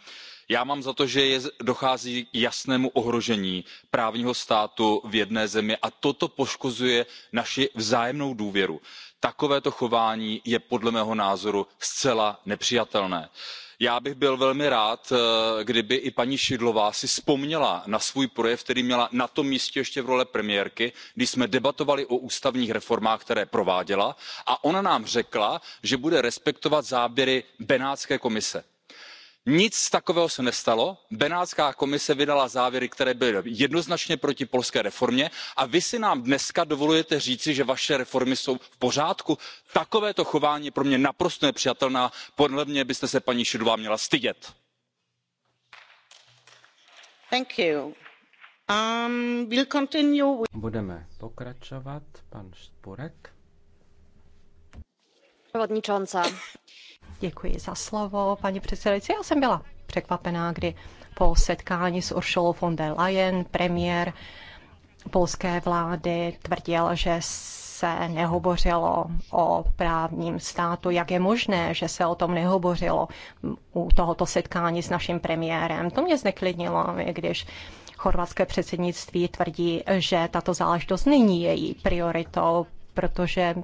já mám za to že dochází k jasnému ohrožení právního státu v jedné zemi a toto poškozuje naši vzájemnou důvěru. takovéto chování je podle mého názoru zcela nepřijatelné já bych byl velmi rád eh, kdyby i paní Šidlová si vzpomněla na svůj projev který měla na tom místě ještě v roli premiérky kdy jsme debatovali o ústavních reformách které prováděla a ona nám řekla že bude respektovat závěry benátské komise nic takového se nestalo benátská komise vydala závěry které byly jednoznačně proti polské reformě a vy si nám dnes dovolujete říci že vaše reformy jsou v pořádku? takovéto chování je pro mě naprosto nepřijatelné a podle mě byste se paní šojdrová měla stydět. Um, budeme pokračovat Děkuji za slovo, paní předsedající. Já jsem byla překvapená, kdy po setkání s Uršulou von der Leyen premiér polské vlády tvrdil, že se nehovořilo o právním státu. Jak je možné, že se o tom nehovořilo u tohoto setkání s naším premiérem? To mě zneklidnilo, když chorvatské předsednictví tvrdí, že tato záležitost není její prioritou, protože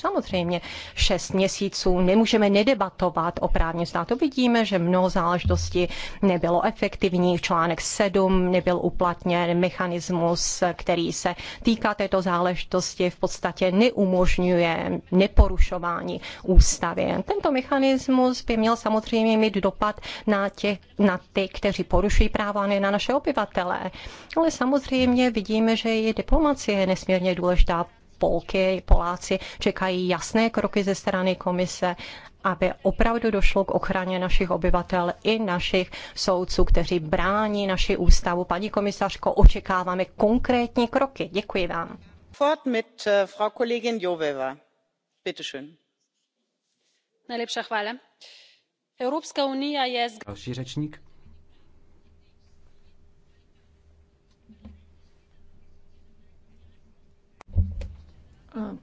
samozřejmě šest měsíců nemůžeme nedebatovat o právním státu. Vidíme, že mnoho záležitostí nebylo efektivní. Článek 7 nebyl uplatněn, mechanismus, který se týká této záležitosti, v podstatě neumožňuje neporušování ústavy. Tento mechanismus by měl samozřejmě mít dopad na, tě, na ty, kteří porušují práva, ne na naše obyvatele. Ale samozřejmě vidíme, že i diplomacie je nesmírně důležitá Polky, Poláci čekají jasné kroky ze strany komise, aby opravdu došlo k ochraně našich obyvatel i našich soudců, kteří brání naši ústavu. Paní komisařko, očekáváme konkrétní kroky. Děkuji vám. Fort mit eh, Frau Kollegin Joveva. Bitte schön. Najlepša hvala. Evropská unie je... Další řečník.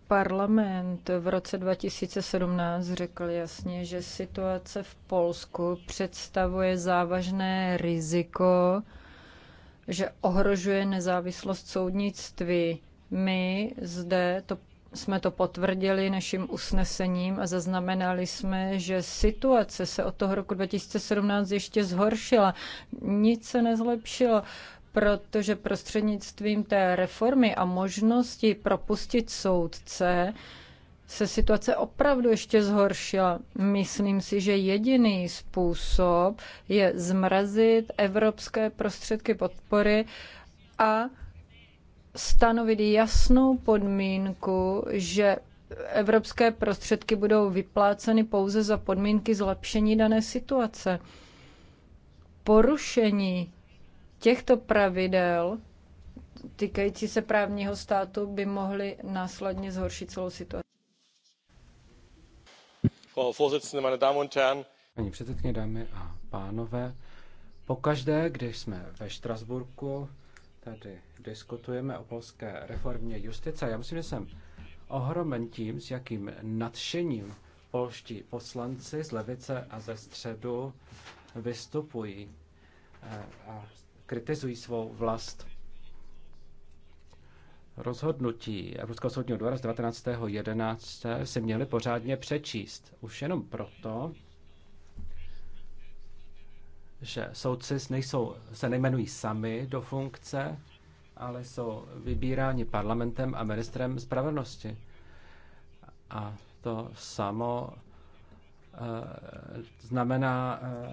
Parlament v roce 2017 řekl jasně, že situace v Polsku představuje závažné riziko, že ohrožuje nezávislost soudnictví. My zde to, jsme to potvrdili naším usnesením a zaznamenali jsme, že situace se od toho roku 2017 ještě zhoršila. Nic se nezlepšilo protože prostřednictvím té reformy a možnosti propustit soudce se situace opravdu ještě zhoršila. Myslím si, že jediný způsob je zmrazit evropské prostředky podpory a stanovit jasnou podmínku, že evropské prostředky budou vypláceny pouze za podmínky zlepšení dané situace. Porušení těchto pravidel týkající se právního státu by mohly následně zhoršit celou situaci. Paní předsedkyně, dámy a pánové, pokaždé, když jsme ve Štrasburku, tady diskutujeme o polské reformě justice. Já myslím, že jsem ohromen tím, s jakým nadšením polští poslanci z levice a ze středu vystupují. Eh, a kritizují svou vlast. Rozhodnutí Evropského soudního dvora z 19.11. si měli pořádně přečíst. Už jenom proto, že soudci nejsou, se nejmenují sami do funkce, ale jsou vybíráni parlamentem a ministrem spravedlnosti. A to samo Eh, znamená, eh,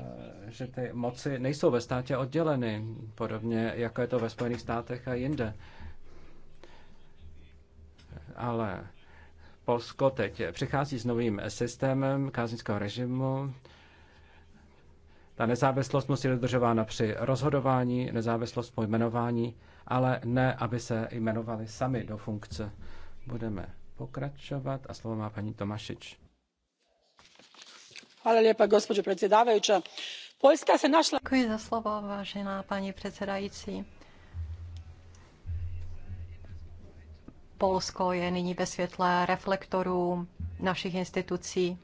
že ty moci nejsou ve státě odděleny, podobně jako je to ve Spojených státech a jinde. Ale Polsko teď přichází s novým systémem káznického režimu. Ta nezávislost musí dodržována při rozhodování, nezávislost po jmenování, ale ne, aby se jmenovali sami do funkce. Budeme pokračovat a slovo má paní Tomašič gospođo předsedající Polská se našla. děkuji za slovo vážená paní předsedající. polsko je nyní ve světle reflektorů našich institucí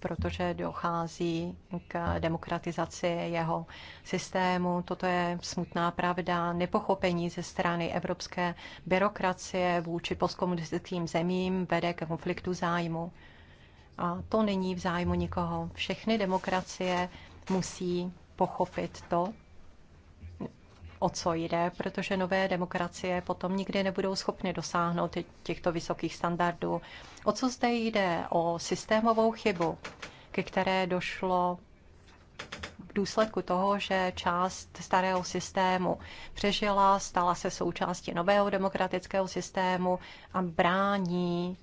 protože dochází k demokratizaci jeho systému. Toto je smutná pravda, nepochopení ze strany evropské byrokracie vůči postkomunistickým zemím vede k konfliktu zájmu. A to není v zájmu nikoho. Všechny demokracie musí pochopit to, o co jde, protože nové demokracie potom nikdy nebudou schopny dosáhnout těchto vysokých standardů. O co zde jde? O systémovou chybu, ke které došlo v důsledku toho, že část starého systému přežila, stala se součástí nového demokratického systému a brání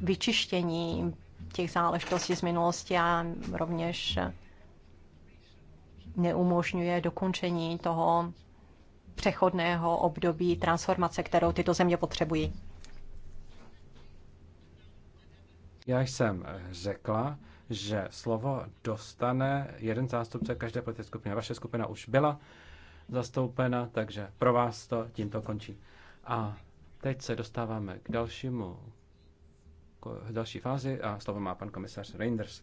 vyčištění, těch záležitostí z minulosti a rovněž neumožňuje dokončení toho přechodného období transformace, kterou tyto země potřebují. Já jsem řekla, že slovo dostane jeden zástupce každé politické skupiny. Vaše skupina už byla zastoupena, takže pro vás to tímto končí. A teď se dostáváme k dalšímu jako další fázi a slovo má pan komisař Reinders.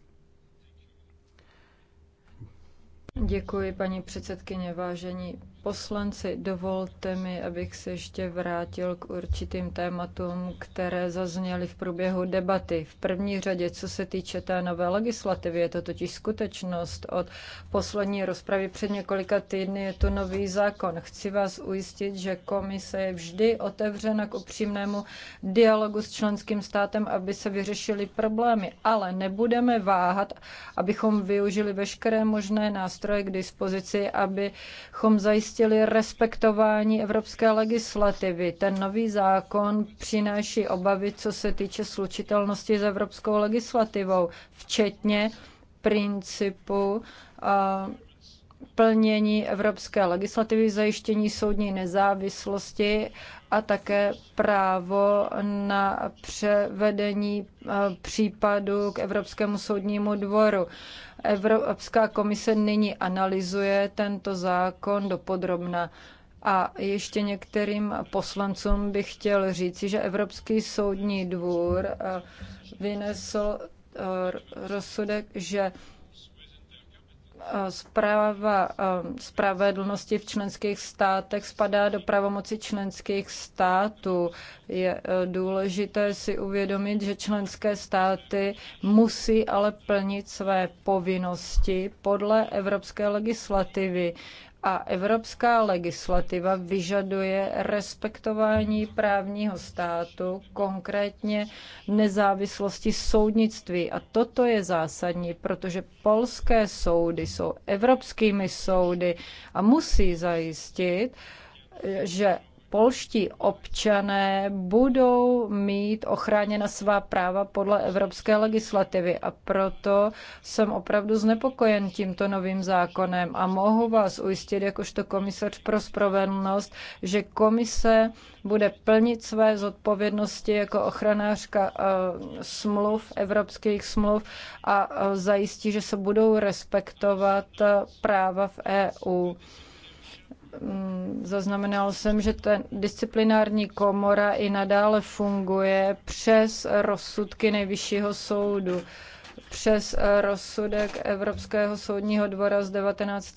Děkuji, paní předsedkyně, vážení poslanci, dovolte mi, abych se ještě vrátil k určitým tématům, které zazněly v průběhu debaty. V první řadě, co se týče té nové legislativy, je to totiž skutečnost. Od poslední rozpravy před několika týdny je to nový zákon. Chci vás ujistit, že komise je vždy otevřena k upřímnému dialogu s členským státem, aby se vyřešily problémy, ale nebudeme váhat, abychom využili veškeré možné nástroje k dispozici, abychom zajistili zajistili respektování evropské legislativy. Ten nový zákon přináší obavy, co se týče slučitelnosti s evropskou legislativou, včetně principu uh, plnění evropské legislativy, zajištění soudní nezávislosti a také právo na převedení eh, případu k Evropskému soudnímu dvoru. Evropská komise nyní analyzuje tento zákon dopodrobna. A ještě některým poslancům bych chtěl říci, že Evropský soudní dvůr eh, vynesl eh, rozsudek, že zpráva eh, spravedlnosti v členských státech spadá do pravomoci členských států. Je eh, důležité si uvědomit, že členské státy musí ale plnit své povinnosti podle evropské legislativy a evropská legislativa vyžaduje respektování právního státu, konkrétně nezávislosti soudnictví. A toto je zásadní, protože polské soudy jsou evropskými soudy a musí zajistit, že polští občané budou mít ochráněna svá práva podle evropské legislativy a proto jsem opravdu znepokojen tímto novým zákonem a mohu vás ujistit jakožto komisař pro spravedlnost, že komise bude plnit své zodpovědnosti jako ochranářka eh, smluv, evropských smluv a eh, zajistí, že se budou respektovat eh, práva v EU. Mm, zaznamenal jsem, že ta disciplinární komora i nadále funguje přes rozsudky nejvyššího soudu, přes rozsudek Evropského soudního dvora z 19.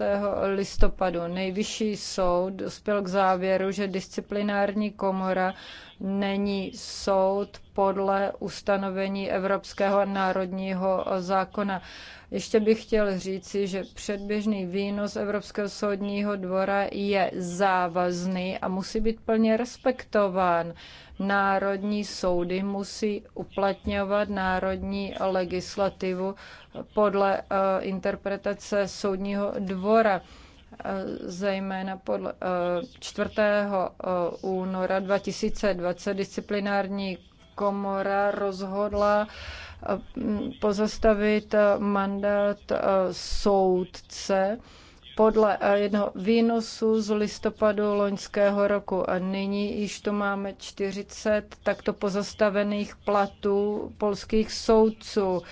listopadu. Nejvyšší soud dospěl k závěru, že disciplinární komora není soud podle ustanovení Evropského národního zákona. Ještě bych chtěl říci, že předběžný výnos Evropského soudního dvora je závazný a musí být plně respektován. Národní soudy musí uplatňovat národní legislativu podle eh, interpretace soudního dvora eh, zejména podle 4. Eh, února 2020 disciplinární komora rozhodla eh, pozastavit eh, mandát eh, soudce podle eh, jednoho výnosu z listopadu loňského roku. A nyní již to máme 40 takto pozastavených platů polských soudců.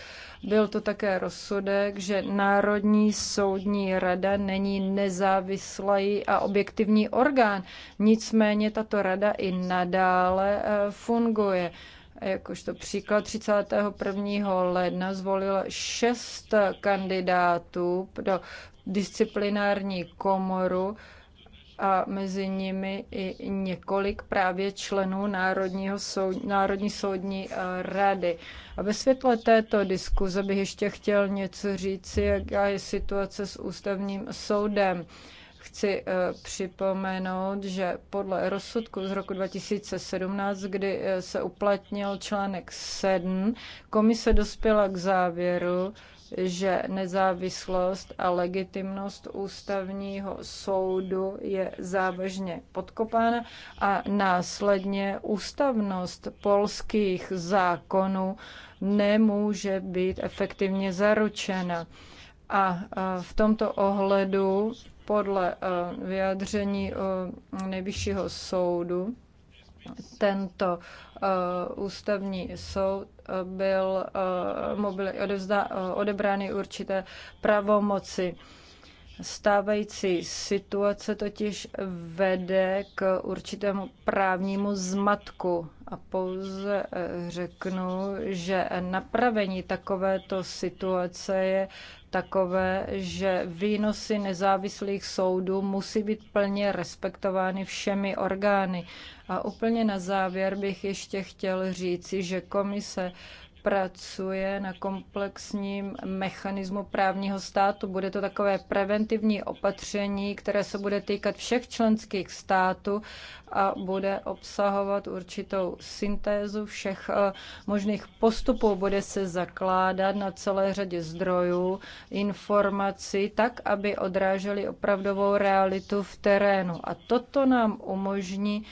Byl to také rozsudek, že Národní soudní rada není nezávislý a objektivní orgán. Nicméně tato rada i nadále eh, funguje. Jakožto příklad 31. ledna zvolil šest kandidátů do disciplinární komoru a mezi nimi i několik právě členů Národního soud, Národní soudní eh, rady. A ve světle této diskuze bych ještě chtěl něco říci, jaká je situace s ústavním soudem chci eh, připomenout, že podle rozsudku z roku 2017, kdy eh, se uplatnil článek 7, komise dospěla k závěru, že nezávislost a legitimnost ústavního soudu je závažně podkopána a následně ústavnost polských zákonů nemůže být efektivně zaručena. A eh, v tomto ohledu podle eh, vyjádření eh, nejvyššího soudu tento eh, ústavní soud byl, mu byly odebrány určité pravomoci. Stávající situace totiž vede k určitému právnímu zmatku a pouze řeknu, že napravení takovéto situace je takové, že výnosy nezávislých soudů musí být plně respektovány všemi orgány. A úplně na závěr bych ještě chtěl říci, že komise pracuje na komplexním mechanismu právního státu. Bude to takové preventivní opatření, které se bude týkat všech členských států a bude obsahovat určitou syntézu všech eh, možných postupů. Bude se zakládat na celé řadě zdrojů, informací, tak, aby odrážely opravdovou realitu v terénu. A toto nám umožní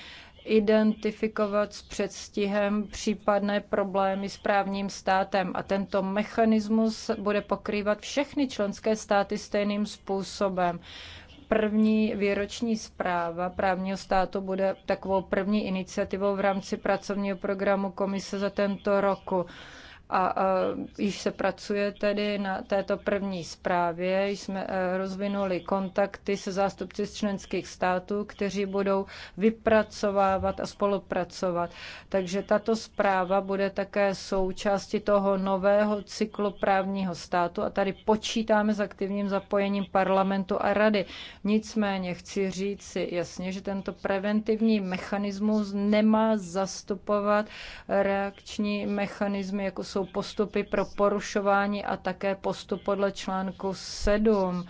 identifikovat s předstihem případné problémy s právním státem. A tento mechanismus bude pokrývat všechny členské státy stejným způsobem první výroční zpráva právního státu bude takovou první iniciativou v rámci pracovního programu komise za tento roku a, a již se pracuje tedy na této první zprávě. Jsme e, rozvinuli kontakty se zástupci z členských států, kteří budou vypracovávat a spolupracovat. Takže tato zpráva bude také součástí toho nového cyklu právního státu a tady počítáme s aktivním zapojením parlamentu a rady. Nicméně chci říct si jasně, že tento preventivní mechanismus nemá zastupovat reakční mechanismy, jako jsou jsou postupy pro porušování a také postup podle článku 7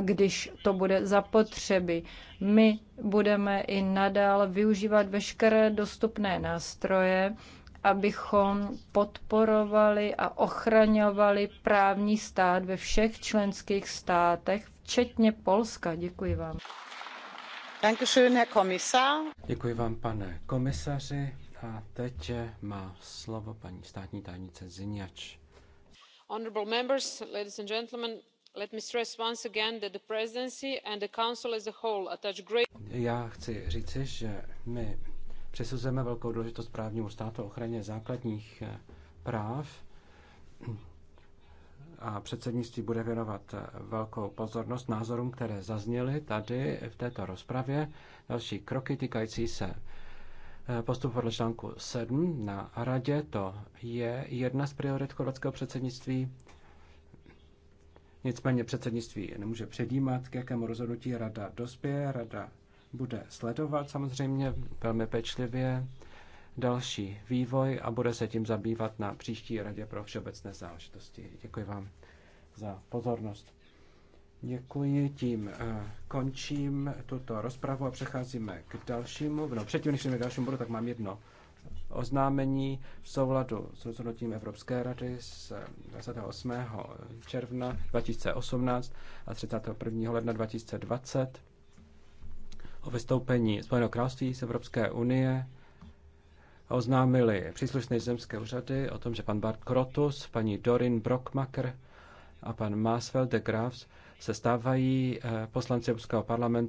když to bude zapotřeby. My budeme i nadále využívat veškeré dostupné nástroje, abychom podporovali a ochraňovali právní stát ve všech členských státech, včetně Polska. Děkuji vám. Děkuji vám, pane komisaři. A teď eh, má slovo paní státní tajnice Ziniač. Honorable members, ladies and gentlemen, let me stress once again that the presidency and the council as a whole attach great... Já chci říci, že my přisuzujeme velkou důležitost právnímu státu ochraně základních eh, práv a předsednictví bude věnovat eh, velkou pozornost názorům, které zazněly tady v této rozpravě. Další kroky týkající se Postup podle článku 7 na radě, to je jedna z priorit chorvatského předsednictví. Nicméně předsednictví nemůže předjímat, k jakému rozhodnutí rada dospěje. Rada bude sledovat samozřejmě velmi pečlivě další vývoj a bude se tím zabývat na příští radě pro všeobecné záležitosti. Děkuji vám za pozornost. Děkuji, tím eh, končím tuto rozpravu a přecházíme k dalšímu. No, předtím, než jdeme k dalšímu bodu, tak mám jedno oznámení v souladu s rozhodnutím Evropské rady z 28. Eh, června 2018 a 31. ledna 2020 o vystoupení Spojeného království z Evropské unie oznámili příslušné zemské úřady o tom, že pan Bart Krotus, paní Dorin Brockmacher a pan Masfeld de Graves se stávají eh, poslanci Evropského parlamentu